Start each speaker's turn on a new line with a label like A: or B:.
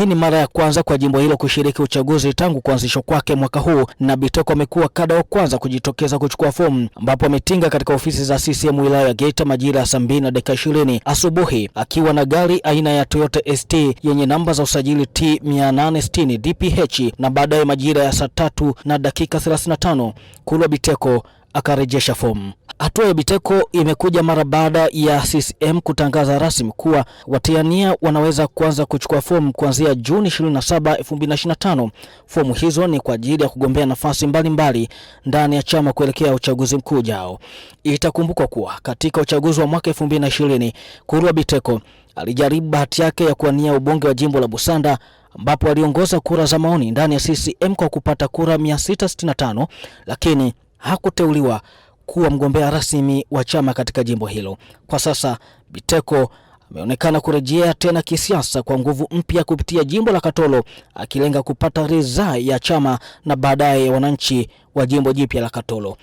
A: Hii ni mara ya kwanza kwa jimbo hilo kushiriki uchaguzi tangu kuanzishwa kwake mwaka huu, na Biteko amekuwa kada wa kwanza kujitokeza kuchukua fomu, ambapo ametinga katika ofisi za CCM wilaya ya Geita majira ya saa mbili na dakika ishirini asubuhi akiwa na gari aina ya Toyota ST yenye namba za usajili T 860 DPH, na baadaye majira ya saa tatu na dakika 35 Kulwa Biteko akarejesha fomu. Hatua ya Biteko imekuja mara baada ya CCM kutangaza rasmi kuwa watiania wanaweza kuanza kuchukua fomu kuanzia Juni 27, 2025. Fomu hizo ni kwa ajili ya kugombea nafasi mbalimbali ndani ya chama kuelekea uchaguzi mkuu ujao. Itakumbukwa kuwa katika uchaguzi wa mwaka 2020, Kurwa Biteko alijaribu bahati yake ya kuwania ubunge wa jimbo la Busanda ambapo aliongoza kura za maoni ndani ya CCM kwa kupata kura 665 lakini hakuteuliwa kuwa mgombea rasmi wa chama katika jimbo hilo. Kwa sasa Biteko ameonekana kurejea tena kisiasa kwa nguvu mpya kupitia jimbo la Katoro, akilenga kupata ridhaa ya chama na baadaye wananchi wa jimbo jipya la Katoro.